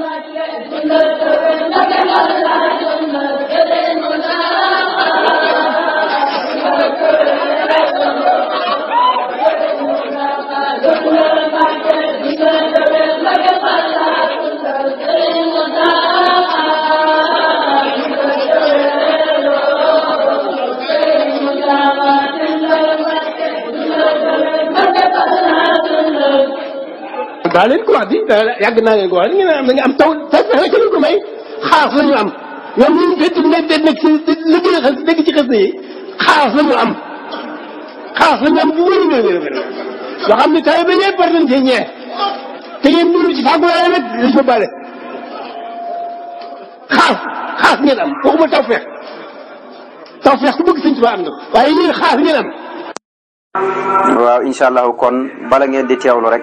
Altyazı M.K. daa leen ko wax di yàgg naa ngeen am da nga am taw fexe la ci leen ko may xaas la ñu am ñoom ñu ngi nekk ci xas yi xaas la am xaas am ne tawee ba ñëpp war nañ cee te ngeen dund ci fàggu laa nag dañ ko bale xaas xaas ngeen am waxuma ngeen am waaw incha kon bala ngeen di teewlu rek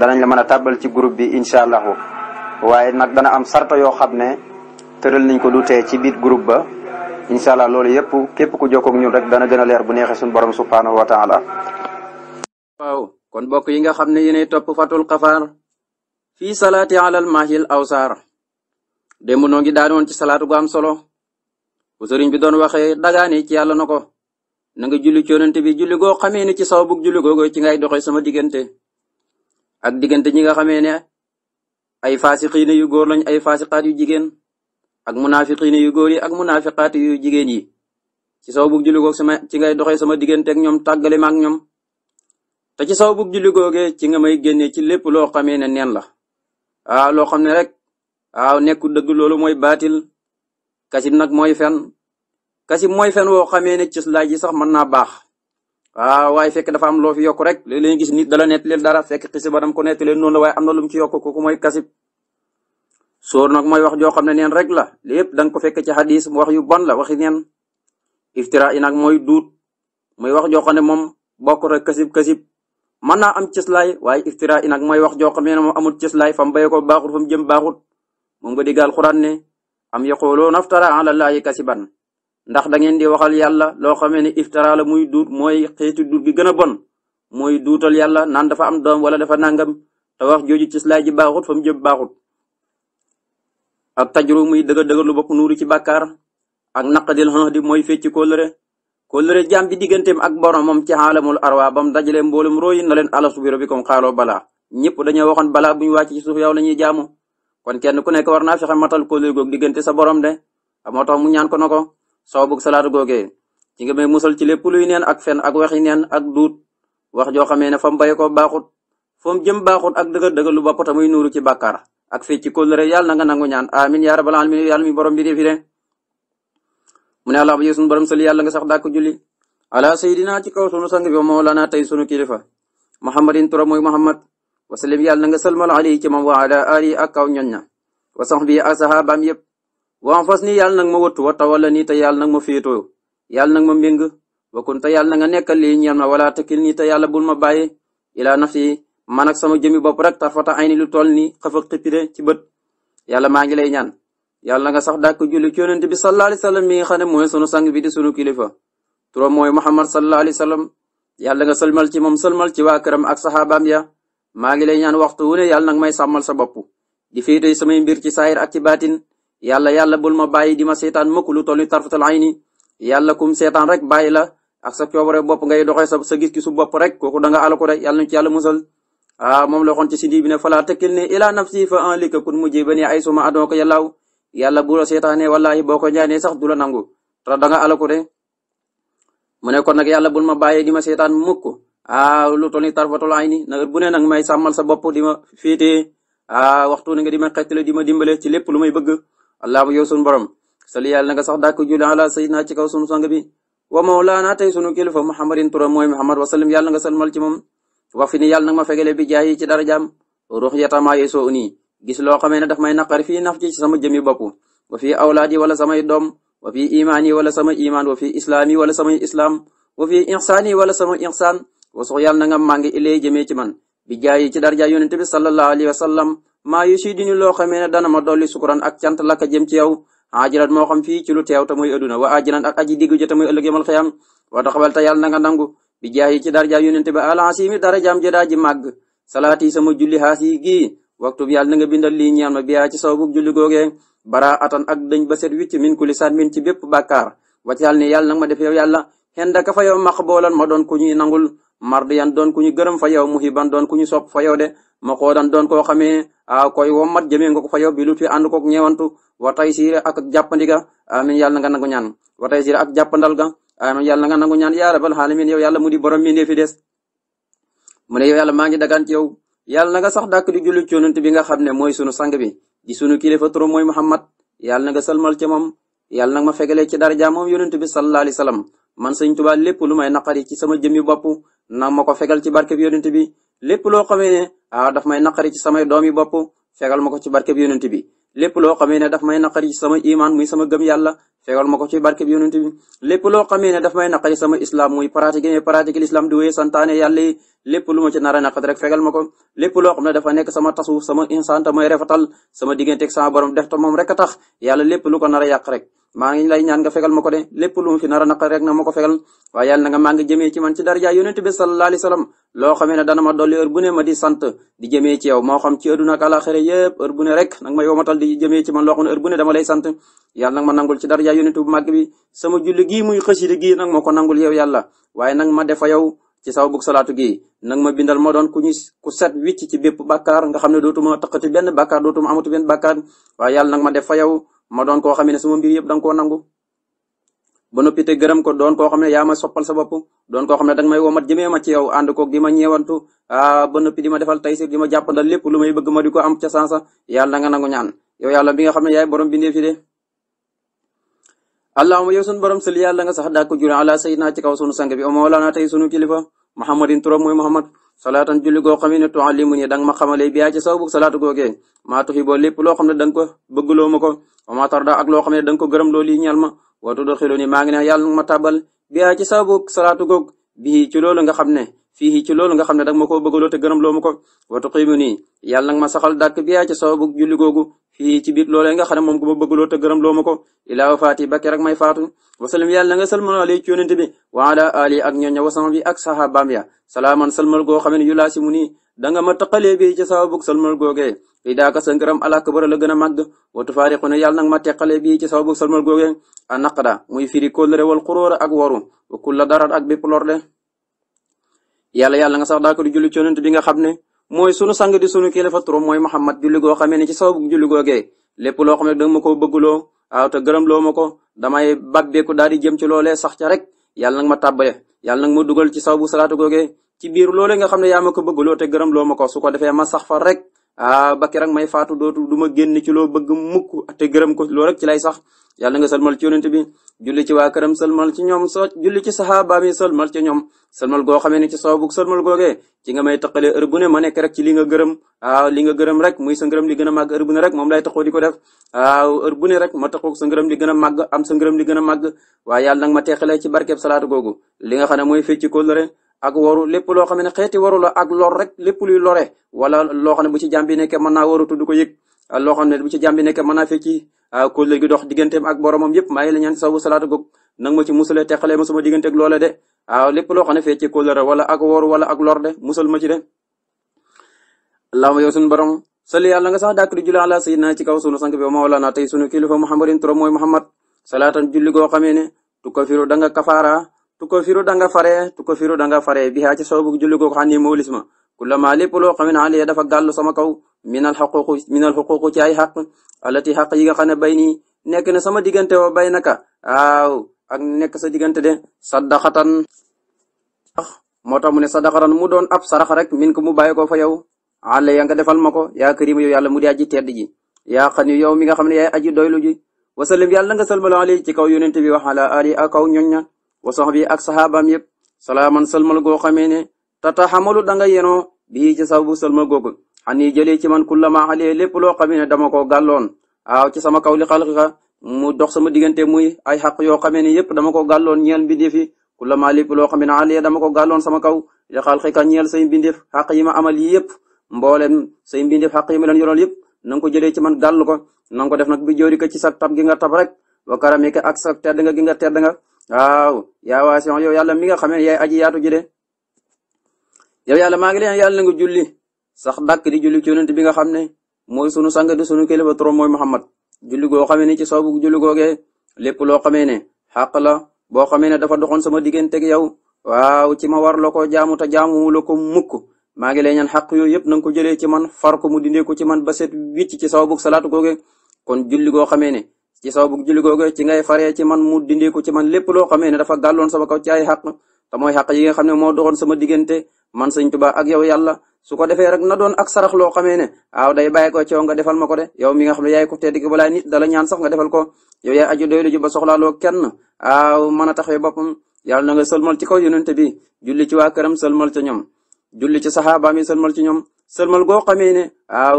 danañ la mën a tàbbal ci groupe bi incha allahu waaye nag dana am sarta yoo xam ne tëral nañ ko du tee ci biir groupe ba incha lool loolu yëpp képp ku jokkoog ñun rek dana gën a leer bu neexee suñu borom subhaanahu wa taala waaw kon bokk yi nga xam ne yéenay topp fatul xafaar fii salaati alal mahil awsaar démb noo daan daanoon ci salaatu gu am solo bu sëriñ bi doon waxee dagaane ci yàlla na ko na nga julli ci yonent bi julli goo xamee ni ci saw bug julli googu ci ngay doxee sama diggante ak diggante ñi nga xamee ne ay faasiqiina yu góor lañ ay faasiqaat yu jigéen ak munaafiqiina yu góor yi ak munaafiqaat yu jigéen yi ci saw bug julli goog sama ci ngay doxee sama diggante ak ñoom tàggale ma ak ñoom te ci saw bug julli googee ci nga may génnee ci lépp loo xamee ne neen la waaw loo xam ne rek waaw nekku dëgg loolu mooy baatil kasib nag mooy fen kasib mooy fen woo xamee ne cëslaay ji sax mën naa baax waaw ah, waaye fekk dafa am loo yok rek léeg-léeg ñu gis nit dala nettalil dara fekk xisi ba dam ko nettalee noonu la waaye am na lu mu ci yokk kooku mooy kasib soor nag mooy wax joo xam ne nen rek la lépp da nga ko fekk ci xadis mu wax yu bon la waxi neen iftira yi nag mooy duut moy wax joo xam ne moom bokk rek kasib kasib mën naa am cëslaay waaye iftira yi nag mooy wax joo xam ne moom amul cëslaay fam béye ko baaxut fam jëm baaxut moom nga diggaal xuraan ne am yaquluna naftara ala llahi kasiban ndax da ngeen di waxal yàlla loo xamee ne iftara la muy duut mooy xeetu duut gi gën a bon mooy duutal yàlla naan dafa am doom wala dafa nangam te wax jooju ci laay ji baaxut fa mu jëm baaxut. ak tajru muy dëgg dëgg lu bokk nuuru ci bàkkaar ak naqdil xanx di mooy fecci kóllëre kóllëre jaam bi digganteem ak boromam ci xaalamul arwa bam dajale mboolum rooyi na leen ala subiro bi comme xaaloo balaa ñëpp dañoo waxoon bala bu ñu wàcc ci suuf yow la ñuy jaamu kon kenn ku nekk war naa fexe matal kóllëre googu diggante sa borom de moo mu ñaan na ko soo bugg salaatu googee ci nga may musal ci lépp luy neen ak fen ak waxi neen ak duut wax joo xamee ne fa mu bay ko baaxut fa jëm baaxut ak dëgër dëgër lu ba pota muy nuuru ci bàkkaar ak fe ci kóllëre yàlla na nga nangu ñaan amin yaa rabbal alamin yàlla mi borom bi def mu ne allah ba sunu borom sali yàlla nga sax dàkk julli ala sayidina ci kaw sunu sang bi moolana tey sunu kilifa muhammadin tura mooy muhammad wasalim yàlla na nga salmal alayhi ci moom wa ala ak kaw ñoñ na wa sax bi asahabaam yëpp waan ni yàlla ma wattu wa tawalla nii te yàlla nag ma féetoo yàlla nag ma mbéng bokkun te yàlla na a nekkal lii ñeel ma wala takkil nii te yàlla bul ma bàyyi ilaa nafsi man ak sama jëmi bopp rek tarfata ayni lu toll nii xafa xipire ci bët yàlla maa ngi lay ñaan yàlla na nga sax dàkk julli ci yonent bi sallallahu alayhi wasallam mi nga xam ne mooy sunu sang bi di sunu kilifa turam mooy Muhammad sallallahu alayhi wasallam yàlla nga sëlmal ci moom sëlmal ci waa këram ak saxaabaam ya maa ngi lay ñaan waxtu wu yàlla nag may sàmmal sa bopp yàlla yàlla bul ma bàyyi di ma seetaan mukk lu toll ni tarfatal ayni yàlla kum seetaan rek bàyyi la ak sa coobare bopp ngay doxee sa sa gis-gisu bopp rek kooku da nga alaku rek yàlla ñu ci yàlla musal ah moom la waxoon ci sidi bi ne falaa tekkil ne ila nafsi fa an lika kun mujibani ay suma adoo ko yàllaaw yàlla bu la seetaanee wallaahi boo ko ñaanee sax du la nangu te da nga alaku mu ne nag yàlla bul ma bàyyi di ma seetaan mukk ah lu toll ni tarfatul ayni nag bu ne nag may sàmmal sa bopp di ma féetee ah waxtu ne nga di ma xettale di ma dimbale ci lépp lu may bëgg allahuma yow sunu borom sali yàlla na nga sax dàkk julli ala sayyidina ci kaw sunu sang bi wa mawlaana tey na nga salmal ci moom wax fi ni yàlla na ma fegele bi jaay ci dara jaam ruux yatamaa yeesoo naf ci sama jëmi bopp wa fii awlaadi wala samay doom wa fii imaani wala sama imaan wa fii islaami wala samay islaam wa fii insaani wala sama insaan wa sox yàlla na nga màngi ilee jëmee ci man bi jaay ci dara jaay yonente bi sallallahu alayhi wa maa yu si dinu loo xamee ne dana ma dolli sukuran ak cant laka jëm ci yow ajiran moo xam fii ci lu teew te muy adduna wa ajiran ak aji diggu ja te muy ëllëg na nga nangu bi jaay yi ci daraja darajaam jëdaa ji màgg sama julli xaas yi gii waxtu bi yàlla na nga bindal lii ñaan ma biyaa ci sawbu julli googee bara atan ak dañ ba set wicc min kuli saan min ci bépp bàkkaar waccal ne yàlla nag ma def yow yàlla xendaka fa yow max boolan ma doon ku ñuy nangul mardiyan doon ku ñu gërëm fa ku ñu sopp fa yow ma koo dan doon koo xamee a koy wommat jëmee nga ko fa yow bi luti ànd kook ñeewantu wa tay siire ak jàppandiga amin yàlla na nga nangu ñaan wa tay siire ak jàppandal ga amin yàlla na nga nangu ñaan yaa rabal xaalamin yow yàlla mu di borom mi ne fi des mu ne yow yàlla maa ngi dagaan ci yow yàlla na nga sax dàkk di julli yonent bi nga xam ne mooy sunu sang bi di sunu kilifa turam mooy Muhammad yàlla na nga salmal ci moom yàlla na ma fegalee ci daraja moom yonent bi sallallahu alayhi wasallam man sëñ Tuubaa lépp lu may naqari ci sama jëmmi bopp na ko fegal ci barke bi yonent bi lépp loo xamee ne ah daf may naqari ci samay doom yi bopp fegal ma ko ci barkeb yonent bi lépp loo xamee ne daf may naqari sama imaan muy sama gëm yàlla fegal ma ko ci barkeb yonent bi lépp loo xamee ne dafa may naqari sama islam muy pratiquer ne pratiquer l'islam di wéy santaane yàlla yi lépp lu ma ci nar a naqari rek fegal ma ko lépp loo xam ne dafa nekk sama tasawuf sama insaan te mooy rafetal sama digganteeg sama borom def te moom rek a tax yàlla lépp lu ko nar a yàq rek maa ngi lay ñaan nga fegal ma ko de lépp lu mu fi rek na ma ko fegal waaye yàlla na nga maa ngi jëmee ci man ci daraja yonent bi sallallahu alayhi wasallam loo xamee ne dana ma dolli sant di jëmee ci yow moo xam ci àdduna ak àlaxira ne rek nag ma yomatal di jëmee ci man loo xam ne heure bu ne dama lay sant yàlla nag ma nangul ci daraja yonent bu màgg bi sama julli gii muy xësidi gii ma ko nangul yow yàlla waaye nag ma defa yow ci saw bug salaatu gi nag ma bindal ma doon ku ñu ku set wicc ci bépp bàkkaar nga xam ne dootuma taqati benn bàkkaar dootuma amatu benn bàkkaar waaye yàlla nag ma def fa yow ma doon koo xam ne sama mbir yëpp da nga koo nangu ba noppi te gërëm ko doon koo xam ne yaa ma soppal sa bopp doon koo xam ne danga may womat jëmee ma ci yow ànd koog di ma ñeewantu ah, a noppi di ma defal taysir di ma jàppandal lépp lu may bëgg ma ko am ca sansa yàlla na nga nangu ñaan yow yàlla bi nga xam ne yaay borom bindee fi de allahumma yow sunu borom sëli yàlla nga sax daa ko jure ala sayyidina ci kaw sunu sang bi o mawlana tey sunu kilifa muhammadin turam mooy muhammad salaatan julli goo xam ne tuallimu ni danga ma xamalee bi yaa ci sababu salaatu googee maa tuxi boo lépp loo xam ne danga ko bëggloo ma ko o maa tarda ak loo xam ne danga ko gërëm loo li ñal ma wa tudxilu ni maa ngi ne yàlla ma taabal bi yaa ci sababu salaatu goog bii ci loolu nga xam ne fii ci loolu nga xam ne danga ma koo bëggloo te gërëm loo ma ko wa tuqimu nii yàlla nga ma saxal dàkk bi yaa ci sababu julli googu fii ci biir loolee nga xam ne moom ku ma bëgg loo te gërëm loo ma ko ilaa wafaati ba keroog may faatu wasalam yàlla nga salmal alay ci yonente bi wa ala ali ak ñooña wasama bi ak saxaabaam ya salaaman salmal goo xam ne yu laa si mu nii danga ma taqalee bi ci sababug salmal googee fii daaka sa ngërëm alakbara la gën a màgg wa tufaariqu ne yàlla nag ma teqalee bi ci sababug salmal googee a naqda muy firi kóllëre wal xuróora ak waru wa kulla darar ak bépp lor de yàlla yàlla nga sax daa ko di julli bi nga xam mooy sunu sang di sunu kilifa turam mooy Muhammad julli goo xamee ne ci sababu julli googee lépp loo xam ne danga ma ko bëggloo waaw te gërëm loo ma ko damay bàbbeeku daal di ci loolee sax ca rek yàlla nag ma tàbbale yàlla nag ma dugal ci sababu salaatu googee ci biir loolee nga xam ne yaa ma ko bëggloo te gërëm loo ma ko su ko defee ma sax fa rek ah bakki rek may faatu dootu du ma génn ci loo bëgg mukk te gërëm ko loo rek ci lay sax yàlla nga salmal ci yonent bi julli ci waa këram salmal ci ñoom soo julli ci saxaaba mi salmal ci ñoom salmal goo xamee ne ci soobu salmal googee ci nga may taqalee heure bu ne ma nekk rek ci li nga gërëm waaw ah, li nga gërëm rek muy sa ngërëm li gën a màgg heure bu ne rek moom lay taxoo di ko def waaw ah, heure bu ne rek ma taxoo sa ngërëm li gën a màgg am sa ngërëm li gën a màgg waaye yàlla nag ma teexalee ci barkeb salaatu googu linga nga xam ne mooy fecc kóllëre ak waru lépp loo xam ne xeeti waru la ak rek lépp luy lore wala loo xam ne bu ci jàmbi nekkee mën naa waratu du ko yëg loo xam ne bu ci jàmbi nekkee mën naa fekki ko léegi dox digganteem ak boromam yëpp maa ngi la ñaan sabu salaatu goog nag ma ci musalee teqalee ma sama digganteeg loola de waaw ah, lépp loo xam ne fekki ko lore wala ak waru wala ak lor de musal ma ci de allahumma yow sunu borom sali yàlla nga sax dàkk di julli ala sayyidina ci kaw sunu sang bi mawlana tey sunu kilifa muhammadin turam mooy muhammad salaatan julli goo xamee ne tu kafiru da nga kafaara tukafiru da danga fare tukafiru da nga fare bi ci sababu julli googu xan ni mawlis ma kullama lépp loo xam ne xaaliya gàll sama kaw minal xuququ minal xuququ ci ay xaq alati xaq yi nga xam ne bay nii nekk na sama diggante wa bay naka waaw ak nekk sa diggante de saddaxatan moo tax mu ne saddaxatan mu doon ab sarax rek min ko mu bàyyi ko fa yow àlla ya nga defal ma ko yaa karim yow yàlla mu di aji tedd ji yaa xani yow mi nga xam ne yaay aji doylu ji yàlla nga salmal ali ci kaw yonente bi wax ala ak kaw ñoñ ña wa saxbi ak saxaabaam yëpp salaaman salmal goo xamee ne tataxamalu da nga yenoo bii ci sababu salmal googu xani jëlee ci man kullama alee lépp loo xamee ne dama koo gàlloon aaw ci sama kaw li xalqiqa mu dox sama diggante muy ay xaq yoo xamee ne yëpp dama ko gàlloon ñeel mbindeef yi kullama lépp loo xamee ne alee dama ko gàlloon sama kaw li xalqiqa ñeel say mbindeef xaq yi ma amal yi yëpp mboolem say mbindeef xaq yi ma leen yoroon yëpp na nga ko jëlee ci man gàll ko na nga ko ci sa tab gi nga tab rek wa karamika ak sa waaw yaa waasi'un yow yàlla mi nga xamee yaay aji yaatu ji de yow yàlla maa ngi leen yàlla na nga julli sax dàkk di julli ci yonent bi nga xam ne mooy sunu sang de sunu kilifa turam mooy Muhammad julli goo xamee ne ci soobu julli googee lépp loo xamee ne xàq la boo xamee ne dafa doxoon sama digganteeg yow waaw ci ma war la ko jaamu te jaamu la mukk maa ngi lay ñaan xàq yooyu yëpp na nga ko jëlee ci man far ko mu dindee ko ci man ba set wicc ci soobu salaatu googe kon julli goo xamee ne ci sababu julli googu ci ngay faree ci man mu dindiku ci man lépp loo xamee ne dafa gàlloon sama kaw ci ay xaq te mooy xaq yi nga ne moo doxoon sama diggante man sëñ Tuubaa ak yow yàlla su ko defee rek na doon ak sarax loo xamee ne aaw day bàyyi ko ci yow nga defal ma ko de yow mi nga xam ne yaay ko tedd ki balaa nit ñaan sax nga defal ko yow yaay aju doylu ju ba soxlaaloo kenn mën a taxawee boppam yàlla na nga sëlmal ci kaw yonente bi julli ci waa këram sëlmal ca ñoom julli ci saxaabaam yi sëlmal ci ñoom sëlmal goo xamee ne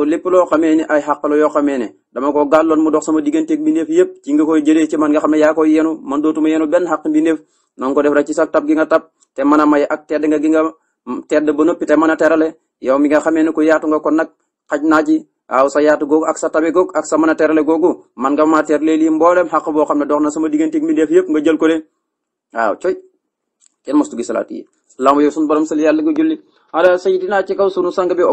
lépp loo xamee ne ay xaq la yoo xamee ne dama ko gàlloon mu dox sama digganteeg mbindeef yëpp ci nga koy jëlee ci man nga xam ne yaa koy yenu man dootuma yenu benn xaq mbindeef na def rek ci sa tab gi nga tab te mën a may ak tedd nga gi nga tedd ba noppi te mën a terale yow mi nga xamee ne ko yaatu nga kon nag xaj naa ci waaw sa yaatu googu ak sa tabe googu ak sa mën a terale googu man nga maa terale lii mboolem xaq boo xam ne dox na sama digganteeg mbindeef yëpp nga jël ko de waaw coy kenn mostu gi salaat yi lamb yow sunu yàlla nga julli ala sayidina sunu sang bi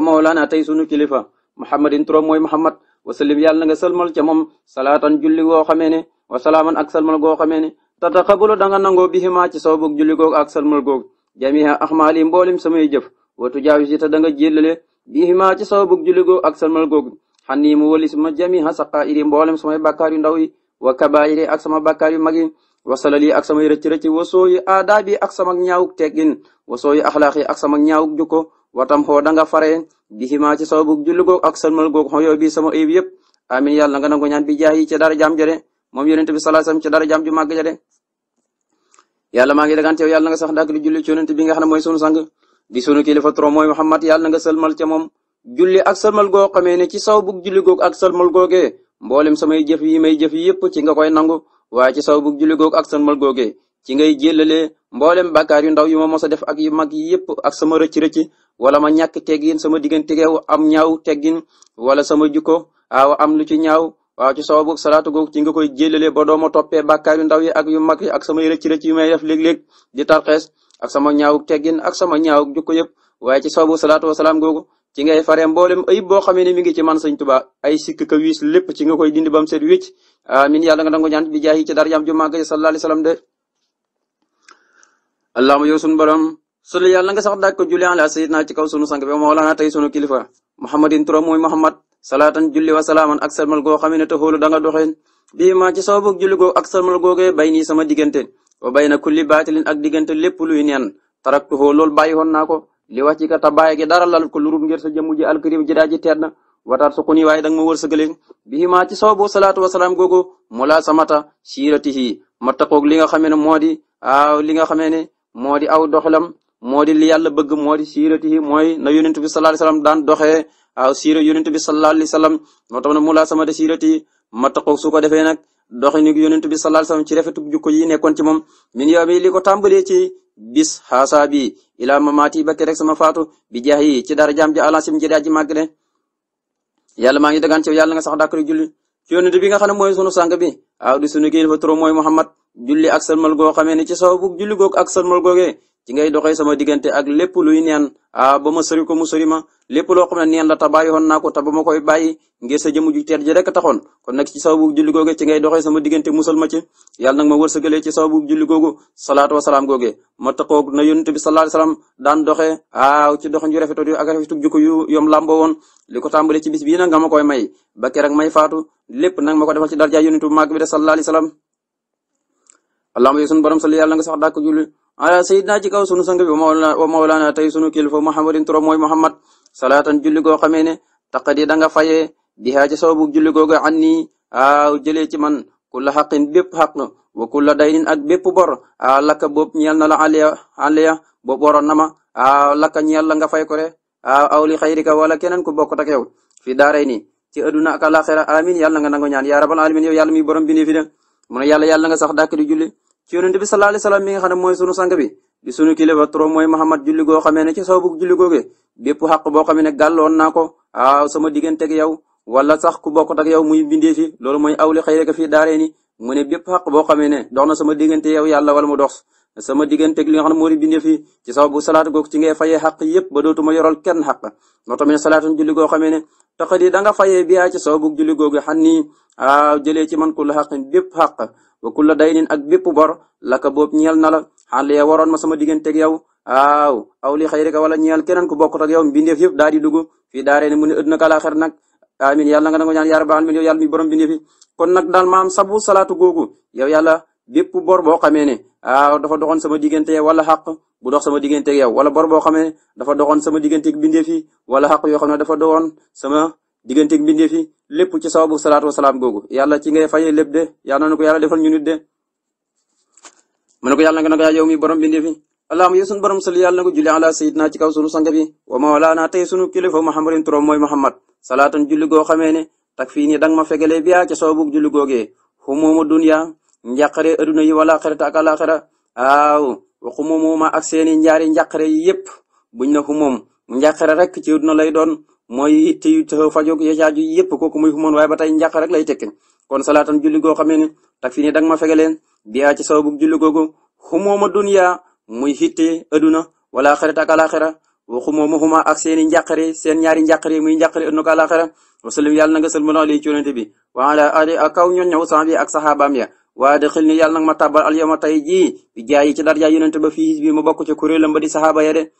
tey sunu kilifa muhammadin turam mooy muhammad wasallim yàlla na nga sëlmal ca moom salaatan julli goo xamee ne wa salaaman ak sëlmal goo xamee ne tataqabalu da nga nangoo bihima ci sababug julli googu ak sëlmal googu jamiha axmaali mboolim samay jëf wa tujaawisi te da nga jéllale bihima ci sababug julli googu ak sëlmal googu xan nii mu walis ma jamiha saqaa'iri mboolim samay bàkkaar yu ndaw yi wa kabaa'iri ak sama bàkkaar yu mag yi wasalal yi ak samay rëcc-rëcc wasoo yi aadaabi ak sama ñaawuk teggin wasoo yi axlaaq yi ak sama ñaawuk jukko watam xoo da nga faree bi ximaa ci sababu julli googu ak sëlmal googu xoyoo bi sama ayib yëpp amin yàlla nga nangu ñaan bi jaay yi a dara jaam jëre moom yonent bi sallallahu alayhi a ci dara jaam ju màgg ja de yàlla maa ngi dagaan teew yàlla nga sax dàkk di julli ci yonent bi nga xam ne mooy sunu sang di sunu kilifa trop mooy Muhammad yàlla nga sëlmal ca moom julli ak sëlmal goo xamee ne ci saw julli googu ak sëlmal googee mboolem samay jëf yi may jëf yëpp ci nga koy nangu waaye ci sababu julli googu ak sëlmal googee ci ngay jéllalee mboolem bàkkaar yu ndaw yu ma mos a def ak yu mag yëpp ak sama rëcc rëcc wala ma ñàkk teggin sama digganteeg yow am ñaaw teggin wala sama jukko waaw am lu ci ñaaw waaw ci sababu salaatu googu ci nga koy jëlale ba dooma toppee bàkkaar yu ndaw yi ak yu mag yi ak samay rëcc rëcc yu may def léeg-léeg di tarxees ak sama ñaaw teggin ak sama ñaaw jukko yëpp waaye ci sababu salaatu wasalaam googu ci ngay faree mboolem ayib boo xamee ne mi ngi ci man Sëñ Tuubaa ay sikk ka wiis lépp ci nga koy dindi bam set wécc amiin yàlla nga dango ñaan bi jaay ci darajaam ju màgg sallallahu alayhi wa sallam de allahumma yow sunu borom solo yàlla nga sax dàkk julli ala sayyidina ci kaw sunu sang bi mawlana tey sunu kilifa muhammadin turam mooy muhammad salaatan julli wa salaaman ak salmal goo xam ne te xoolu da nga doxee bii maa ci sababu julli googu ak salmal googee bay nii sama diggante wa bay na kulli baatilin ak diggante lépp luy neen taraktuhu loolu bàyyi woon naa ko li wax ci ka ta bàyyi gi dara lal ko lu rut ngir sa jëmm ji alkarim ji daa ji teet na wataat su xuni waaye danga ma wërsëgale bii maa ci sababu salaatu wa salaam googu mu laa samata siiratihi ma taqoog li nga xamee ne moo di aw li nga xamee ne moo di aw doxalam moo di li yàlla bëgg moo di mooy na yonent bi sallallahu alayhi wasallam daan doxee waaw siira yonent bi sallallahu alayhi wasallam moo tax ne mu laa sama de siirati ma taxaw su ko defee nag doxinu yonent bi sallallahu alayhi wasallam ci rafetu jukko yi nekkoon ci moom min yow mi li ko tàmbalee ci bis xaasaa bi ilaa mamaati ba rek sama faatu bi jaax yi ci dara jaam ji alasim njëriñ ji màgg de yàlla maa ngi dagaan yàlla nga sax dàkkari julli ci yonent bi nga xam ne mooy sunu sang bi waaw di sunu kilifa trop mooy Muhammad julli goo xamee ne ci sababu julli goog ak ci ngay doxee sama diggante ak lépp luy neen a ba ma sori ko mu sori ma lépp loo xam ne neen la ta bàyyi woon naa ko te ba ma koy bàyyi ngir sa jëmu ju teet ji rek taxoon kon nag ci sababu julli googu ci ngay doxee sama diggante musal ma ci yàlla nag ma wërsëgalee ci sababu julli googu salaatu wa salaam googe ma taqoog na yonent bi sallallahu alayhi a daan doxee aaw ci doxin yu rafetoo ak rafetuk jukko yu yom làmboo woon li ko tàmbale ci bis bii na nga ma koy may ba keroog may faatu lépp nag ma ko defal ci darja yonent bu màgg bi de sallallahu alayhi wasallam allahumma yow sunu borom salli yàlla ala sayidna ci kaw sunu sang bi wa mawlana tey sunu kilifa muhammadin turam mooy muhammad salaatan julli goo xamee ne taqadi da nga fayee bihaa ci sababu julli googa an nii aaw jëlee ci man kulla xaqin bépp xaq wa kulla daynin ak bépp bor aaw lakka boob ñeel na la aliya aliya boob waroon na ma aaw lakka ñeel la nga fay ko re aaw aw li xayrika wala keneen ku bokk tak yow fi daaray nii aduna ak alaxira amin yàlla nga nango ñaan yaa rabal alamin yow yàlla mi borom yàlla nga sax dàkk di julli ci yonent bi sallallahu alayhi wasallam mi nga xam ne mooy sunu sang bi di sunu kilifa trop mooy Muhammad julli goo xamee ne ci sababu julli googe bépp xaq boo xam ne gàlloon naa ko ah sama digganteeg yow wala sax ku bokkut ak yow muy bindee ci loolu mooy awli xëy rek fii daaree ni mu ne bépp xaq boo xamee ne dox na sama diggante yow yàlla wala mu dox sama digganteeg li nga xam ne moo di bindee fii ci sababu salaat googu ci ngay fayee xaq yëpp ba dootuma yoral kenn xaq moo tamit salaatun julli goo xamee ne taqad yi da nga fayee biyaa ci sababu julli googu xam ni a ci man kulla xaqin bépp xaq wa kulla daynin ak bépp bor laka boob ñeel na la xan waroon ma sama digganteeg yow waaw aw li xayrika wala ñeel keneen ku bokkut ak yow mbindeef yëpp daal di dugg fii daaree ne mu ne ëdd na kalaaxer nag amin yàlla nga nango ñaan yaar baal min yow yàlla mi borom bindeefi kon nag daal maam sabu salaatu googu yow yàlla bépp bor boo xamee ne ah dafa doxoon sama diggante wala xaq bu dox sama diggante yow wala bor boo xamee dafa doxoon sama diggante bindeef yi wala xaq yoo xam ne dafa doxoon sama diggante bindeef yi lépp ci sababu salaatu salaam googu yàlla ci ngay fayee lep de yàlla na ko yàlla defal ñu nit de. mu ne ko yàlla na ko nag yow mi borom bindeef yi allahumma yow sunu borom sali yàlla na ko julli ala sayyidina ci kaw sunu sang bi wa mawlaana tey sunu kilifa muhammadin turam mooy muhammad salaatan julli goo xamee ne tak fi nii danga ma fegalee biyaa ci sababu julli googee xumumu dunya njàqare aduna yi wala xarata ak alaxara aaw waxu moomooma ak seeni njaari njàqare yi yëpp buñ na xumoom njàqare rek ci aduna lay doon mooy itte yu taxaw fajog yacaaju yëpp kooku muy xumoon waaye ba tey njàqare rek lay tekki kon salaatan julli goo xamee ni tak fi ni dang ma fegaleen biyaa ci sababu julli googu xumooma dunya muy itte aduna wala xarata ak alaxara waxu moomu a ak seeni njàqare seen ñaari njàqare muy njàqare aduna ak alaxara wasalim yàlla na nga sëlmaloo lii ci yonente bi wala kaw ñoon ñëw san ak saxaabaam ya waaye de xil ni yàlla nag ma tàbbal al yawma tey jii bi jaay yi ci darja yonente ba fii bi ma bokk ci kuréelam ba di saxaaba ya de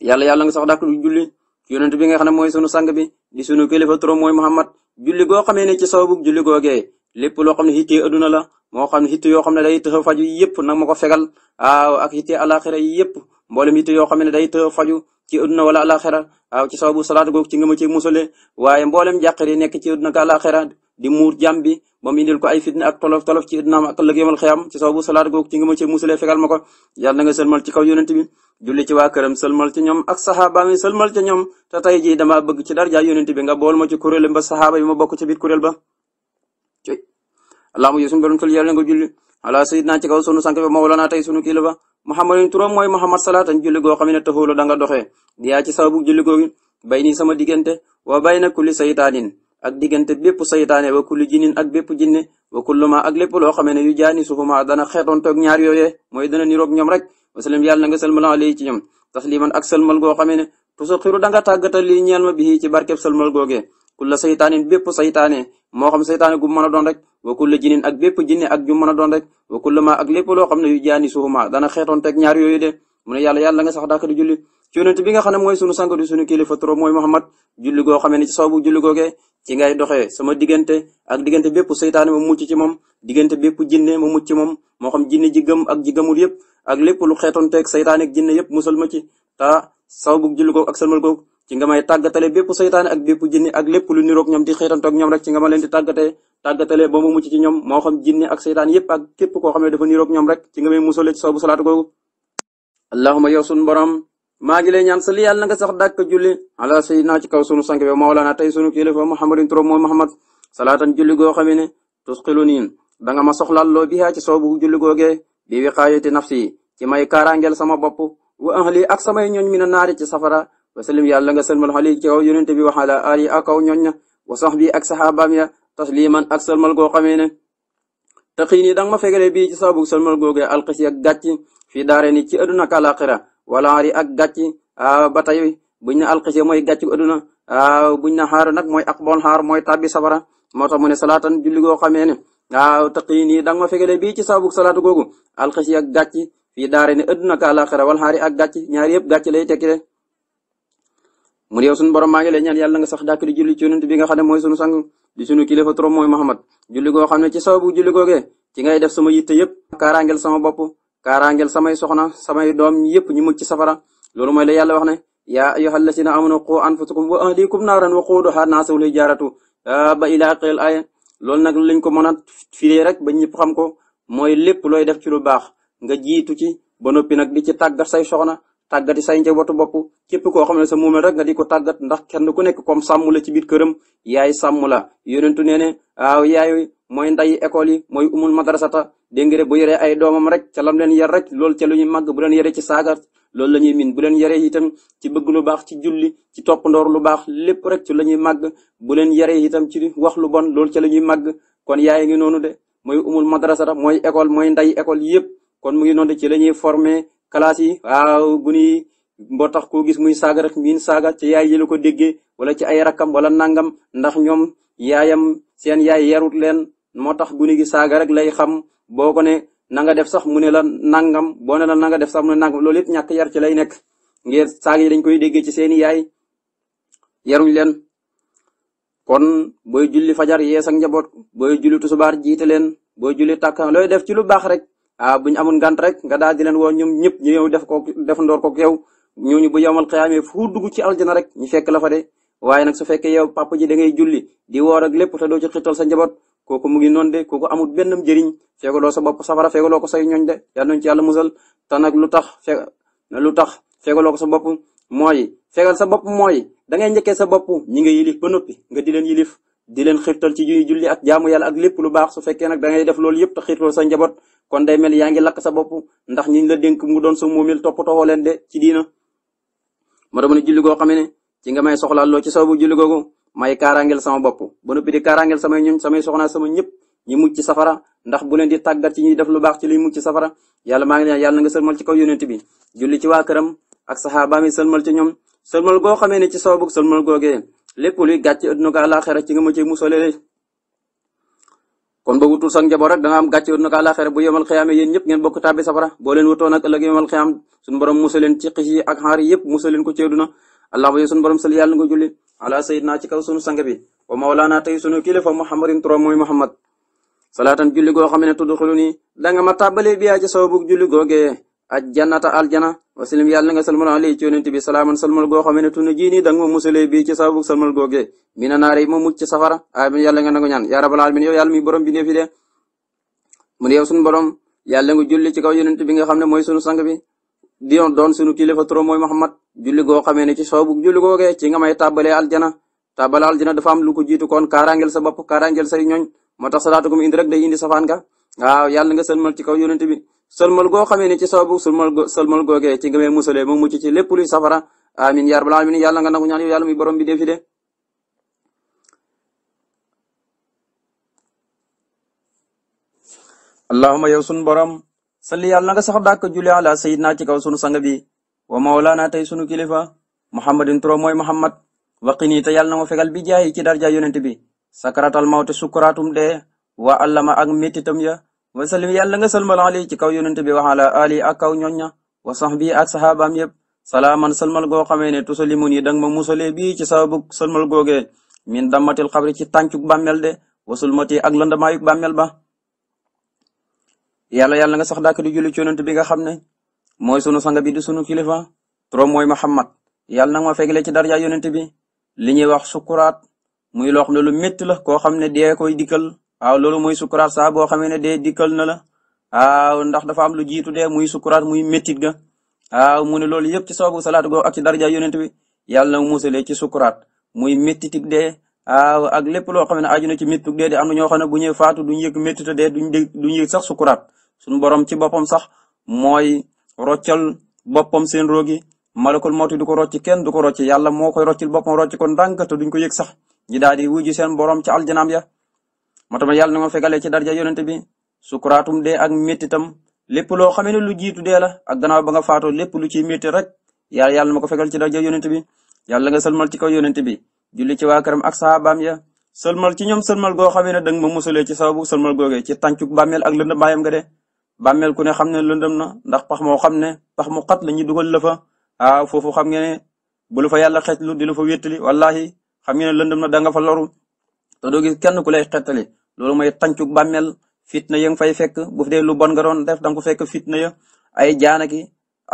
yàlla yàlla nga sox dàkk du julli yonent bi nga xam ne mooy sunu sang bi di sunu kilifa turam mooy Muhammad julli goo xamee ne ci sababu julli googee lépp loo xam ne hittee adduna la moo xam ne hitte yoo xam ne day tëx a faju yëpp nag ma ko fegal waaw ak hittee alaxira yi yëpp mboolem hitte yoo xam ne day tëx a faju ci adduna wala alaxira waaw ci sababu salaat ci nga ma ci musale waaye mboolem jàqar yi nekk ci adduna ak alaxira di muur jàmm bi moom indil ko ay fitna ak tolof tolof ci idnaam ak ëllëg yomal ci sababu salaat googu ci nga ma ci musalee fegal ma ko yàlla na nga sëlmal ci kaw yonent bi julli ci waa këram sëlmal ci ñoom ak saxaaba mi sëlmal ci ñoom te tey jii damaa bëgg ci darja yonent bi nga bool ma ci kuréel ba saxaaba yi ma bokk ci biir kuréel ba allahumma yusuf borom tul yàlla nga julli ala sayyidina kaw sunu sànq bi mawlana tey sunu kilifa muhammadin turam mooy muhammad salaatan julli goo xam ne taxawlu da nga doxee diyaa ci sababu julli googu bay nii sama diggante wa bay na kulli saytaanin ak diggante bépp saytaane wa kullu jinin ak bépp jinne wa kullu ma ak lépp loo xamee ne yu jaani suufuma dana xeetoon toog ñaar mooy dana niroog ñoom rek nga salmal alayhi ci ñoom tasliman ak salmal li ñeel ma bi ci barkeb salmal moo xam saytaane gu a doon rek wa a doon rek loo xam ne yu jaani suufuma dana ñaar yooyu de mu ne yàlla yàlla nga sax daaka di julli ci yonent bi ne mooy sunu sang di sunu kilifa trop mooy Muhammad julli goo xamee ne ci sababu julli ci ngay doxee sama diggante ak diggante bépp seytaane ma mucc ci moom diggante bépp jinne ma mucc ci moom moo xam jinne ji gëm ak ji gëmul yëpp ak lépp lu xeetonteeg seytaane ak jinne yëpp musal ma ci ta saw bu julli googu ak salmal googu ci nga may tàggatale bépp seytaane ak bépp jinne ak lépp lu niroog ñoom di xeetontoog ñoom rek ci nga ma leen di tàggatee tàggatale ba ma mucc ci ñoom moo xam jinne ak seytaane yëpp ak képp koo xam ne dafa niroog ñoom rek ci nga may musale ci saw bu salaatu googu allahumma yow sun borom maa ngi lay ñaan sali yàlla na nga sax dàkk julli ala sayyidina ci kaw sunu sang bi mawlana tey sunu kilifa muhammadin turam mooy muhammad salaatan julli goo xamee ne tusqilu niin ma soxlaal loo bihaa ci soobu julli googee bi wiqaayati nafsi ci may kaaraangeel sama bopp wa ahli ak samay ñooñ mina naari ci safara wasalim yàlla nga sëlmal xali ci kaw yonente bi waxala ali ak kaw ñooñ na wa sahbi ak saxaabaam ya tasliman ak sëlmal goo xamee ne taxii nii da nga ma fegale bii ci soobu sëlmal googee alxisi fii daare ni ci aduna wala yi ak gàcc ah, ba tey buñ ne alxise mooy gàcc gu adduna ah, buñ ne nag mooy ak bon xaar mooy tabbi sabara moo tax mu ne salaatan juli goo xamee ne waaw ah, taqii nii da ma fegale bii ci saabug salaatu googu alxisi ak gàcc fii daare ne adduna ka alaxira wal xaari ak gàcc ñaari yëpp gàcc lay tekki de mu yow suñu borom maa ngi lay ñaan yàlla sax dàkk di julli ci yonent bi nga xam ne mooy suñu sang di suñu kilifa turam mooy Muhammad julli goo xam ne ci sababu julli googee ci ngay def sama yitte yëpp kaaraangel sama bopp kaaraangeel samay soxna samay doom yëpp ñu mucc ci safara loolu mooy la yàlla wax ne yaa ayyuhal lazina amanu qu anfusakum wa ahlikum naaran waquuduhaa naasu wal hijaaratu ba ilaa aaxiril aaya lool nag lañ ko mën a firee rek ba ñëpp xam ko mooy lépp looy def ci lu baax nga jiitu ci ba noppi nag di ci tàggat say soxna tàggati say njabootu bopp képp koo xam ne sa moomeel rek nga di ko tàggat ndax kenn ku nekk comme sàmm la ci biir këram yaay sàmm la yonentu nee ne waaw yaay mooy nday école yi mooy umul madrasata dégg nga bu yoree ay doomam rek ca lam leen yar rek loolu ca lu ñuy màgg bu leen yoree ci saagar loolu la ñuy min bu leen yaree itam ci bëgg lu baax ci julli ci topp ndoor lu baax lépp rek ci la ñuy màgg bu leen yaree itam ci wax lu bon loolu ci la ñuy màgg kon yaay ngi noonu de mooy umul madrasata mooy école mooy nday école yëpp kon mu ngi noonu de ci la ñuy classe yi waaw guni boo tax koo gis muy saaga rek miin saaga ci yaay yi la ko déggee wala ci ay rakkam wala nangam ndax ñoom yaayam seen yay yarut leen moo tax guni gi saaga rek lay xam boo kone ne na nga def sax mu ne la nangam boo ne la na nga def sax mu ne nangam loolu yëpp ñàkk yar ci lay nekk ngir saaga yi dañ koy déggee ci seeni yaay yaruñ leen kon booy julli fajar yees ak njaboot booy julli tusubaar jiite leen booy julli tàkk looy def ci lu baax rek Ah, bu ñu amul ngant rek nga daal di leen woo ñoom ñëpp ñu yow def ko defandoor ko yow ñooñu bu yowmal xiyaamee fu dugg ci aljana rek ñu fekk la fa de waaye nag su fekkee yow papa ji da ngay julli di woor ak lépp te doo ci xital sa njaboot kooku mu ngi noonu de kooku amul benn njëriñ feegaloo sa bopp safara feegaloo ko say ñooñ de yàlla nañ ci yàlla musal te nag lu tax fe lu tax feegaloo ko sa bopp mooy fegal sa bopp mooy da ngay njëkkee sa bopp ñi nga yilif ba noppi nga di leen yilif di leen xiirtal ci julli ak jaamu yàlla ak lépp lu baax su fekkee nag dangay ngay def loolu yëpp te sa njaboot kon day mel yaa ngi lakk sa bopp ndax ñiñ la dénk mu doon sa moomil toppatoo leen de ci diina ma doon ne julli goo xam ne ci nga may soxlaa loo ci sababu julli googu may kaaraangeel sama bopp ba noppi di kaaraangeel samay ñoom samay soxnaa sama ñëpp ñi mucc ci safara ndax bu leen di tàggat ci ñuy def lu baax ci liy mucc safara yàlla maa ngi leen yàlla na nga sëlmal ci kaw yonent bi julli ci waa këram ak saxaabaam yi sëlmal ci ñoom sëlmal goo xamee ne ci sababu sëlmal googee lépp luy gàcce àdduna ko àllaaxira ci nga ma cee musalee kon ba wutul sax njaboot rek da nga am gàcce wut na yemal xiyaame yéen ñëpp ngeen bokk tàbbi safara boo leen wutoon yemal xiyaam suñu borom musal ci xis yi ak xaar yëpp musal ko ci àdduna allah ba suñu borom sal yàlla nga julli ala sayyidina ci kaw sunu sang bi wa mawlaana tey sunu kilifa muhammadin turam mooy muhammad salaatan julli goo ne tudd xulu nii ma tàbbalee bi yaa ci sababu julli googee aljannata aljana wasalim yàlla na nga salmal alay ci yonent bi salaaman salmal goo xam ne tunu jii nii da nga ma musalee bii ci sababu salmal googee mina naare ma mucc ci safara amin yàlla nga nangu ñaan yaa rabbal alamin yow yàlla mi borom bi ne fi de mu ne yow sunu borom yàlla nga julli ci kaw yonent bi nga xam ne mooy sunu sang bi di doon sunu kilifa turam mooy Muhammad julli goo xamee ne ci sababu julli googee ci nga may tàbbalee aljana tàbbale aljana dafa am lu ko jiitu kon kaaraangeel sa bopp kaaraangeel say ñooñ moo tax salaatukum indi rek day indi safaan ka waaw yàlla nga salmal ci kaw yonent bi sëlmal goo xamee ne ci sababu sëlmal go sëlmal googee ci gëmee musalee mu mucc ci lépp luy safara amin yaa rabbal alamin yàlla nga nangu ñaan yow borom bi allahumma yow sunu borom salli yàlla nga sax dàkk julli ala sayyidina ci kaw sunu sang bi wa mawlaana tey sunu kilifa muhammadin turo mooy muhammad waqini te yàlla na ma fegal bi jaay ci darja yonent bi sakaratal mawte sukkuraatum dee wa allama ak mettitam ya wa sallim yàlla nga salmal ali ci kaw yonent bi waxala ali ak kaw ñoñña wa sahbi ak saxaabaam yëpp salaaman salmal goo xamee ne tusalimun yi danga ma musalee bii ci sababu salmal googee min dammatil xabri ci tàncuk bàmmel de wasulmati ak lëndamaayuk bàmmel ba yàlla yàlla nga sax dàkk di julli ci bi nga xam ne mooy sunu sang bi di sunu kilifa trop mooy Muhammad yàlla nag ma fegle ci darja yonent bi li ñuy wax sukuraat muy loo xam lu métti la koo xam ne dee koy dikkal waaw loolu muy sukuraat saa boo xamee ne dee dikkal na la waaw ndax dafa am lu jiitu de muy sukuraat muy méttit ga waaw mu ne loolu yëpp ci sababu salaatu googu ak ci daraja yonent bi yàlla na musalee ci sukuraat muy méttitik de waaw ak lépp loo xam ne aju na ci méttitik dee de am na ñoo xam ne bu ñuy faatu duñ yëg méttita dee duñ duñ yëg sax sukuraat suñu borom ci boppam sax mooy roccal boppam seen roogi malakul moot du ko rocci kenn du ko rocci yàlla moo koy roccil boppam rocci ko ndànk te duñ ko yëg sax ñi daal di wuju seen borom ci aljanaam ya moo tax yàlla na ma fegale ci darja yonente bi sukuraatum dee ak méttitam lépp loo xamee ne lu jiitu dee la ak gannaaw ba nga faatoo lépp lu ciy miti rek yàlla yàlla ma ko fegal ci darja yonente bi yàlla nga sëlmal ci ko yonente bi julli ci waa këram ak saabaam ya sëlmal ci ñoom sëlmal goo xamee ne danga ma musalee ci sababu sëlmal googee ci tàncuk bàmmeel ak lëndëm baayam nga de bàmmeel ku ne xam ne lëndëm na ndax pax moo xam ne pax mu xat la ñuy dugal la fa ah foofu xam nga ne bu la fa yàlla xeetlu di la fa wéttali wallahi xam nga ne lëndëm da nga fa loru te doo kenn ku lay xettali loolu mooy tàncu bàmmeel fitna ya nga fay fekk bu dee lu bon nga doon def danga ko fekk fitna ya ay jaanaki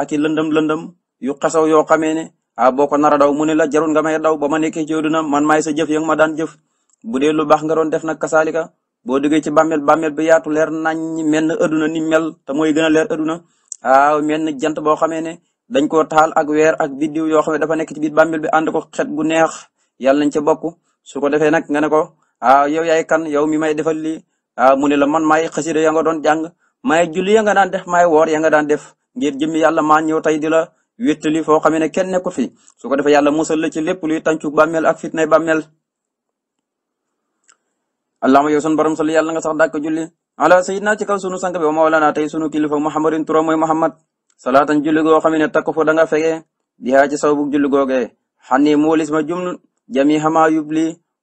aki i lëndëm lëndëm yu xasaw yoo xamee ne ah boo ko nar a daw mu ne la jarul may daw ba ma nekkee ci àddina man maay sa jëf ya nga ma daan jëf bu dee lu baax nga doon def nag kasaalika boo duggee ci bàmmeel bàmmeel bi yaatu leer nañ ñi mel ne àddina ni mel te mooy gën a leer àddina waaw mel ne jant boo xamee ne dañ koo taal ak weer ak biddiw yoo xam ne dafa nekk ci biir bàmmeel bi ànd ko xet gu neex yàlla nañ ca bokk su ko defee nag nga ne ko a ah, yow yay kan yow mi may defal lii ah mu ne la man maay xasida ya nga doon jàng maay julli ya nga daan def may woor ya nga daan def ngir jëmmi yàlla maa ñëw tey di la wéttali foo xamee ne kenn nekku fi su ko defee yàlla musal la ci lépp luy tàncu bàmmeel ak fitnay bàmmeel allahumma yow sun borom sal yàlla nga sax dàkk julli ala sayyidina ci kaw sunu sang bi wa mawlana tey sunu kilifa muhammadin turam mooy muhammad salaatan julli goo xam ne takku fa da nga fegee di haa ci saw bu julli googee xani muulis ma jum jami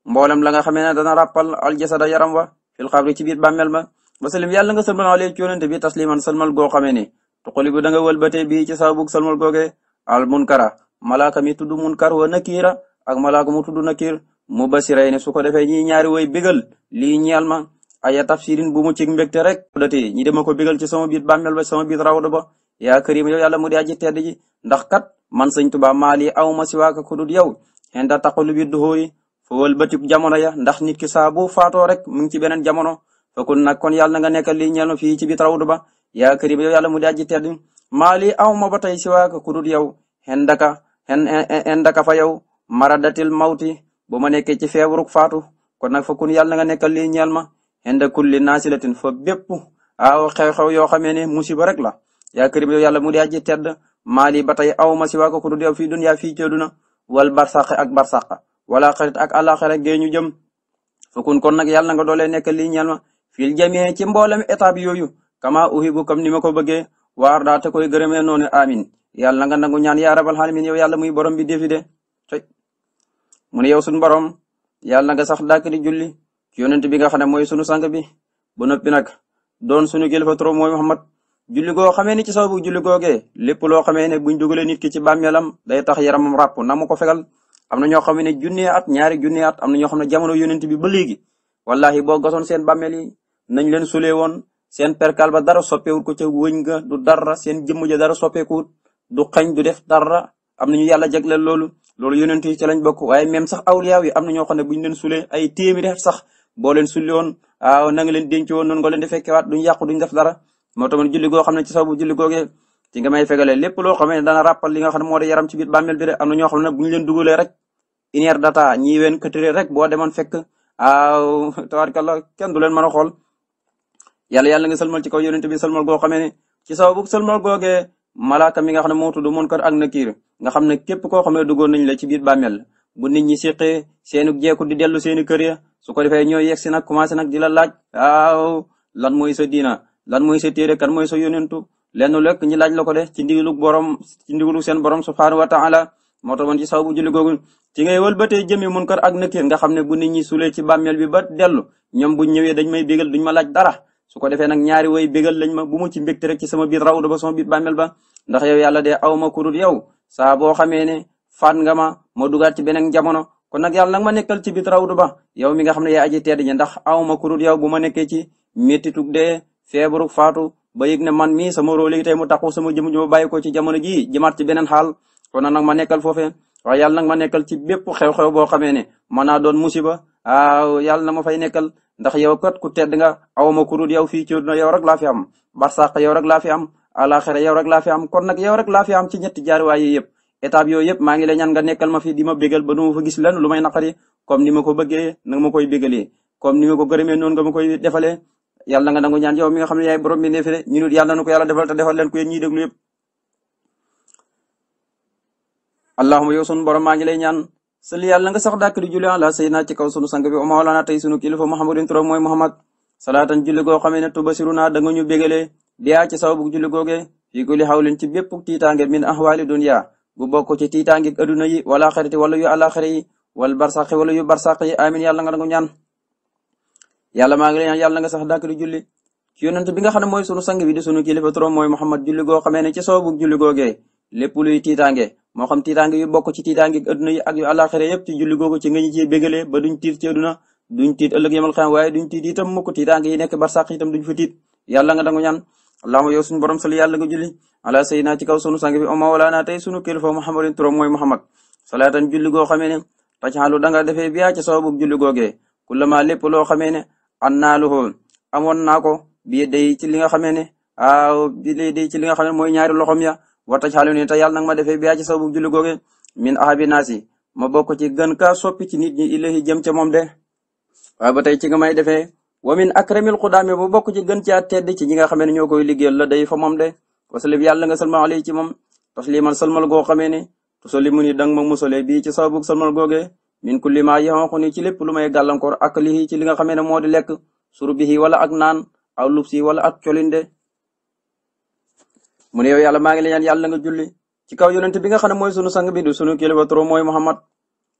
mboolem la nga xamee ne dana ràppal aljasada yaram wa fil xabri ci biir bàmmeel ma wasalim yàlla nga sëlmal alee ci yonente bi tasliman sëlmal goo xamee ne tuqali bu da nga wëlbatee bii ci saabug sëlmal googe al munkara malaaka mi tudd munkar wa nakiira ak malaaka mu tudd nakiir mu basiray ne su ko defee ñi ñaari way bégal lii ñeel ma aya tafsirin bu mu ci mbégte rek dati ñi dama ko bégal ci sama biir bàmmeel ba sama biir rawda ba yaa karim yow yàlla mu di aji tedd ji ndax kat man sëñ Tuubaa maali aw ma siwaaka ku dul yow xenda taqalu bi duhóori fa wëlbatib jamono ya ndax nit ki saa bu faatoo rek mu ngi ci beneen jamono fakun nag kon yàlla na nga nekkal li ñeel ma fii ci biir rawdu ba yaa karim yow yàlla mu di aji tedd maa lii aw ma ba tey si waaka kudul yow xendaka xendaka fa ma nekkee ci feebaruk faatu kon nag fakun yàlla nga nekkal li ñeel ma xenda kulli naasilatin fa bépp aw xew-xew yoo xamee ne musiba rek la yaa karim yow yàlla mu di tedd maa lii ba tey aw ma si waaka kudul yow fii dun ya fii ci àddina wal barsaq ak barsaqa wala xarit ak àllaaxira gee ñu jëm fukun kon nag yàlla na nga doolee nekk lii ñeel ma fil jamee ci mboolem étape yooyu kama uhibu comme ni ma ko bëggee waar daa te koy gërëmee noonu amin yàlla na nga nangu ñaan yaa rabal alamin yow yàlla muy borom bi defi de mu ne yow sunu borom yàlla nga sax dàkk di julli ci yonent bi nga xam ne mooy sunu sang bi ba noppi nag doon sunu kilifa trop mooy Muhammad julli goo xamee ni ci sababu julli googee lépp loo xamee ne buñ dugalee nit ki ci bàmmeelam day tax yaramam ràpp am na ñoo xam ne junne at ñaari junne at am na ñoo xam ne jamono yonent bi ba léegi wallahi boo gosoon seen bàmmeel yi nañ leen sule woon seen perkal ba dara soppeewut ko ca wëñ ga du dara seen jëmm ja dara soppeekuwut du xañ du def dara am na ñu yàlla jagleel loolu loolu yonent yi ci lañ bokk waaye même sax awliya yi am na ne bu leen sulee ay téeméeri sax boo leen sulee woon waaw ah, na nga woon noonu nga leen di fekkewaat duñ yàqu duñ def dara moo tax julli goo xam ne sababu julli googee ci nga fegale lépp loo xam dana rappal une heure data ñii wen quatre rek boo demoon fekk aw tabaarkalla kenn du leen mën a xool yala yàlla nga sëlmal ci kaw yonent bi sëlmal goo xamee ne ci sababu sëlmal googee malaaka mi nga xam ne moo tudd Munkar ak Nakiir nga xam ne képp koo xam ne duggoon nañ la ci biir bàmmeel bu nit ñi siqee seenu jeeku di dellu seeni kër ya su ko defee ñooy yegg si nag commencé nag di la laaj waaw lan mooy sa diina lan mooy sa kan mooy sa yonentu lenn lekk ñi laaj la ko de ci ndigalu borom moo tax woon ci sababu julli googu ci ngay wëlbatee jëmi munkar ak nakiir nga xam ne bu nit ñi sulee ci bàmmeel bi ba dellu ñoom bu ñëwee dañ may bégal duñ ma laaj dara su ko defee nag ñaari way bégal lañ ma bu mu ci mbégte rek ci sama biir rawdu ba sama biir bàmmeel ba ndax yow yàlla dee aw ma kurut yow saa boo xamee ne faat nga ma ma dugaat ci benen jamono kon nag yàlla nag ma nekkal ci biir rawdu ba yow mi nga xam ne yaa aji tedd ñi ndax aw ma kurut yow bu ma nekkee ci méttitug dee feebaru faatu ba yëg ne man mii sama rôle yi tey mu taxu sama jëm ju ma bàyyi jamono jii jëmaat ci beneen xaal kon nag ma nekkal foofee waaye yàlla nag ma nekkal ci bépp xew-xew boo xamee ne mën naa doon musiba ah yàlla na ma fay nekkal ndax yow kat ku tedd nga aw ma ku dul yow fii ci rek laa fi am barsàq yow rek laa fi am alaxira yow rek laa fi am kon nag yow rek laa fi am ci ñetti jaaruwaay yëpp étape yooyu yëpp maa ngi lay ñaan nga nekkal ma fi di ma bégal ba du ma fa gis lenn lu may ko bëggee nag ma koy bégalee comme ni ma ko gërëmee noonu nga ma koy defalee yàlla nga allahuma yow sunu borom maa ngi lay ñaan sëli yàlla nga sax dàkk di julli ala sayyidina ci kaw sunu sang bi o mawlana tey sunu kilifa muhammadin turam mooy muhammad salaatan julli goo xamee ne tubasiruna da nga ñu bégalee biyaa ci sababu julli googee fii kulli xawlin ci bépp tiitaange min ahwaali dunya gu bokk ci tiitaange aduna yi wala xariti wala yu alaxira yi wal barsaqi wala yu barsaqi yi amin yàlla nga nangu ñaan yàlla maa ngi lay ñaan yàlla nga sax dàkk di julli ci bi nga xam ne mooy sunu sang bi di sunu kilifa turam mooy muhammad julli goo xamee ne ci sababu julli googee lépp luy tiitaange moo xam tiitaange yu bokk ci tiitaange adduna yi ak yu àllaaxira yëpp ci julli googu ci nga ñu cee bégalee ba duñ tiit ci adduna duñ tiit ëllëg yamal xam waaye duñ tiit itam mukk tiitaange yi nekk fa tiit yàlla nga dangu ñaan allahuma yow suñu borom sali yàlla nga julli ala sayyidina ci kaw sunu sang bi oma wala naa tey sunu kilifa muhammadin turam mooy muhammad salaatan julli goo xamee ne tajxalu da nga defee biyaa lépp loo xamee ne an naa lu amoon naa ko bii day ci li nga ne aaw bi day ci li nga xam ne mooy ñaari loxom ya warta xaalu ni te yàlla nag ma defee biyaa ci sababu julli googe min ahabi naasi ma bokk ci gën kaa soppi ci nit ñi ilahi jëm ca moom de waaye ba tey ci nga may defee wa min akramil xudaami ba bokk ci gën caa tedd ci ñi nga xamee ne ñoo koy liggéey la day fa moom de wasalib yàlla nga salma alay ci moom tasliman salmal goo xamee ne tusalimu ni dang ma musalee bii ci sababu salmal googe min kulli maa yaxonqu ni ci lépp lu may gàllankoor ak lii ci li nga xamee ne moo di lekk suru bihi wala ak naan aw lubsi wala ak colinde mu ne yow yàlla maa ngi la ñaan yàlla nga julli ci kaw yonent nga xam ne sunu sang du sunu kilifa trop mooy Muhammad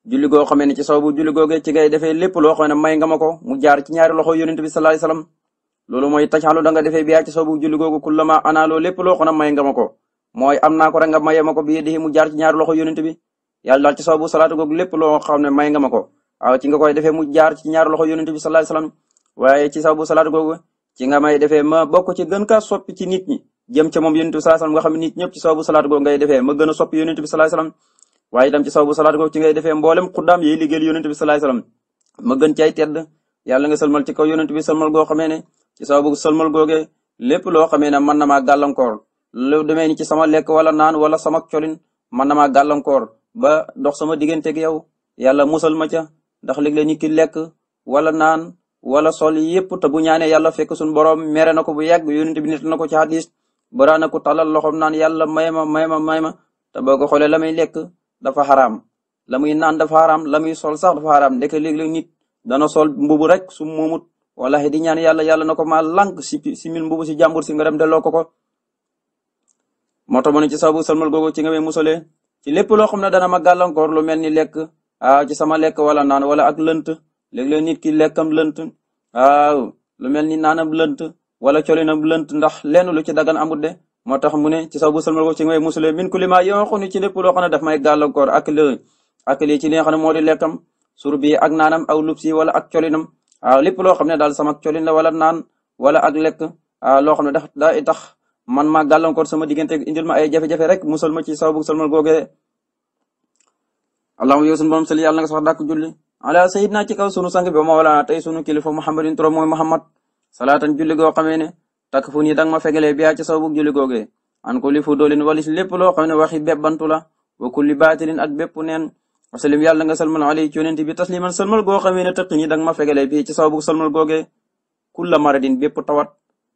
julli goo xamee ne ci saw julli googee ci ngay loo xam ne may nga ma ko mu jaar ci ñaari loxo yonent bi sallallahu alayhi wasallam loolu ana loo lépp loo xam ne may nga ma ko mooy am naa ko rek nga maye ma bi yeddi mu jaar ci ñaari loxo yonent bi ci saw bu salaatu googu lépp loo ne may nga ma ko waaw ci nga koy defee mu jaar ci ñaari loxo yonent bi sallallahu alayhi wasallam waaye ci saw bu salaatu googu ci nga may defee ma bokk ci gën kaa jëm ca moom yonent bi sallallahu alayhi wasallam nga xam ne nit ñëpp ci sababu salaat googu ngay defee ma gën a sopp yonent bi sallallahu alayhi wasallam waaye itam ci sababu salaat googu ci ngay defee mboolem xuddaam yiy liggéeyal yonent bi sallallahu alayhi wasallam ma gën cay tedd yàlla nga sëlmal ci kaw yonent bi sëlmal goo xamee ci sababu sëlmal googee lépp loo xamee ne mën na maa gàllankoor lu demee ni ci sama lekk wala naan wala sama colin mën na maa gàllankoor ba dox sama digganteeg yow yàlla musal ma ca ndax léeg-léeg nit ki lekk wala naan wala sol yépp te bu ñaanee yàlla fekk suñu borom mere na ko bu yàgg yonent bi na ko ci bara na ku talal loxoom naan yàlla may ma may ma may te boo ko xoolee la lekk dafa xaraam la muy naan dafa xaraam la muy sol sax dafa xaraam ndeke léeg-léeg nit dana sol mbubu rek su moomut wala di ñaan yàlla yàlla na ko maa lànk si si mil mbubu si jàmbur si nga dam delloo ko ko. moo tax ma ne ci sababu salmal googu ci nga may musalee ci lépp loo xam ne dana ma gàllankoor lu mel ni lekk ah ci sama lekk wala naan wala ak lënt léeg-léeg nit ki lekkam lënt waaw ah, lu mel ni naanam lënt. wala colinam lënt ndax lenn lu ci dagan amut de moo tax mu ne ci saw bu salmal ko ci ngay musule min ku limaa yoxunu ci lépp loo xam ne daf may gàllankoor ak li ak ci li nga xam ne moo di lekkam sur bi ak naanam aw lub si wala ak colinam waaw lépp loo xam ne daal sama colin la wala naan wala ak lekk loo xam ne daf daa tax man maa gàllankoor sama diggante indil ma ay jafe-jafe rek musal ma ci saw bu salmal googee allahumma yow sunu borom sali yàlla nga sax dàkk julli ala sayyidina ci kaw sunu sang bi ba ma wala tey sunu kilifa muhammadin turam mooy salaatan julli goo xamee ne takk fu nii dang ma fegalee saw ci sababu julli googee an kulli fudolin walis lépp loo xam ne waxi bebbantu la wa kulli baatilin ak bépp neen wasalim yàlla nga salmal alay ci yonent bi tasliman salmal goo xamee ne takk nii dang ma fegalee bii ci sababu salmal googee kulla maradin bépp tawat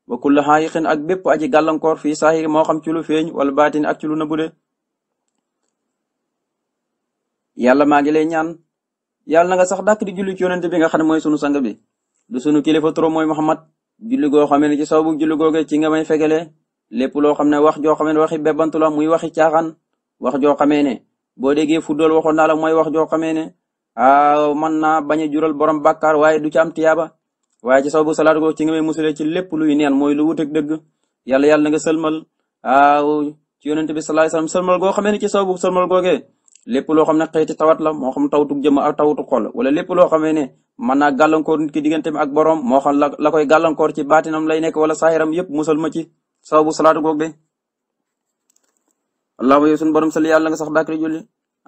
wa kulla xaayiqin ak bépp aji gàllankoor fii saahiri moo xam ci lu feeñ wala baatin ak ci lu nëbbu de yàlla maa ngi lay ñaan yàlla nga sax dàkk di julli ci yonent bi nga xam ne mooy sunu sang bi du sunu kilifa turam mooy Muhammad julli goo xam ne ci sababu julli googe ci nga may fegele lépp loo xam ne wax joo xam ne waxi bebantu la muy waxi caaxaan wax joo xamee ne boo déggee fuddool waxoon naa la mooy wax joo xamee ne ah mën naa bañ a jural borom bàkkaar waaye du ci am tiyaaba waaye ci sababu salaat googu ci nga may musalee ci lépp luy neen mooy lu wuteeg dëgg yàlla yàlla na nga sëlmal aaw ci yonent bi salaay salaam sëlmal goo xamee ne ci sababu sëlmal googee lépp loo xam ne xeeti tawat la moo xam tawtu jëmm ak tawtu xol mën naa gàllankoor nit ki diggante mi ak borom moo xam la la koy gàllankoor ci baatinam lay nekk wala saahiram yëpp musal ma ci sababu salaatu goog de. allahumma yow sunu borom sali yàlla nga sax dàkk di julli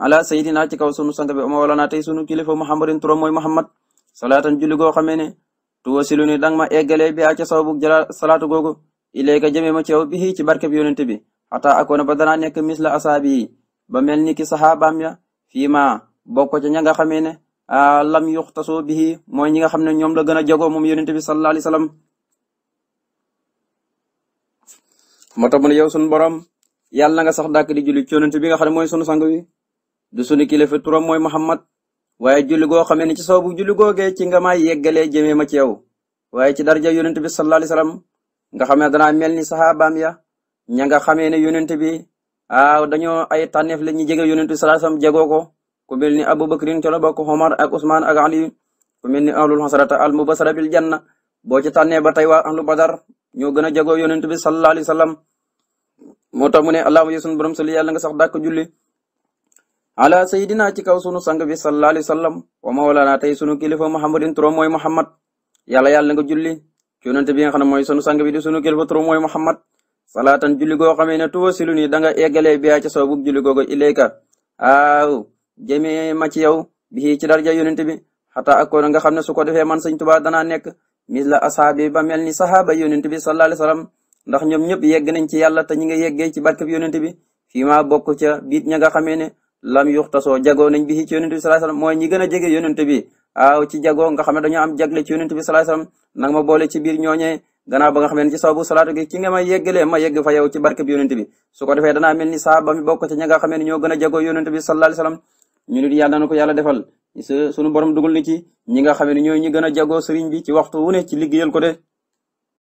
ala sayidina ci kaw sunu sang bi mawlana tey sunu kilifa muhammadin turam mooy muhammad salaatan julli goo xamee ne tuwasilu ni danga ma eggalee bi ca sababu jala salaatu googu ilayka jëmee ma ci yow bii ci barke bi yonent bi xataa akoona ba danaa nekk misla asaabi ba mel ni ki saxaabaam ya fii ma bokk ca ña nga xamee ne Ah, lam yuxtasoo bihi mooy ñi nga xam ne ñoom la gën a jagoo moom yonent bi sallallahu alayhi wasallam mu ne yow sunu borom yàlla na nga sax dàkk di julli ci yonent bi nga xam ne mooy sunu sangu bi du sunu kilifa turam mooy Muhammad waaye julli goo xamee ne ci soobu julli googee ci nga maa yeggalee jëmee ma ci yow waaye ci daraja yonent bi sallallahu alayhi wasallam nga xam ne danaa mel ni saxaabaam ya ña nga xamee ne yonent bi ah dañoo ay tànneef la ñuy jege yonent bi sallallahu alayhi jegoo ko ku mel ni Abubakrin ca la bokk Omar ak Ousmane ak Ali ku mel ni ahlul xasarata al mubasara bil janna boo ci tànnee ba tey waa ahlu badar ñoo gën a jagoo yonent bi sallallahu wa sallam moo tax mu ne allahumma yow sunu borom sali yàlla nga sax dàkk julli ala sayidina ci kaw sunu sang bi sallallahu alayhi wa sallam wa mawlana tey sunu kilifa muhammadin turam mooy muhammad yàlla yàlla nga julli ci yonent bi nga xam ne mooy sunu sang bi di sunu kilifa turam mooy muhammad salaatan julli goo xamee ne tuwasilu nii da nga eggalee bi ci sababu julli googu ilayka jëmee ma ci yow bi ci darja yonent bi xataa ak koona nga xam ne su ko defee man sëñ Tuubaa danaa nekk mis la asaabi ba mel ni saxaaba yonent bi sallallahu alayhi wa sallam ndax ñoom ñëpp yegg nañ ci yàlla te ñi nga yeggee ci barkeb yonent bi bokk ca biit ña ne lam yuxtasoo jagoo nañ bi ci yonent bi sallallahu alayhi ñi a jege yonent bi nga xam ne dañoo am jagle ci yonent bi sallallahu ma boole ci biir ñooñee gannaaw ba nga xamee ne ci sababu salaatu gi ci nga ma yeggalee ma yegg fa yow ci barke bi yonent bi su ko mel ni saaba mi bokk nga xamee ne ñoo gën a jagoo yonent bi sallallahu alayhi wasallam ñu nit yàlla na ko yàlla defal sunu borom dugul ni ci ñi nga xam ne ñooy ñi gën a jagoo sëriñ bi ci waxtu wu ci liggéeyal ko de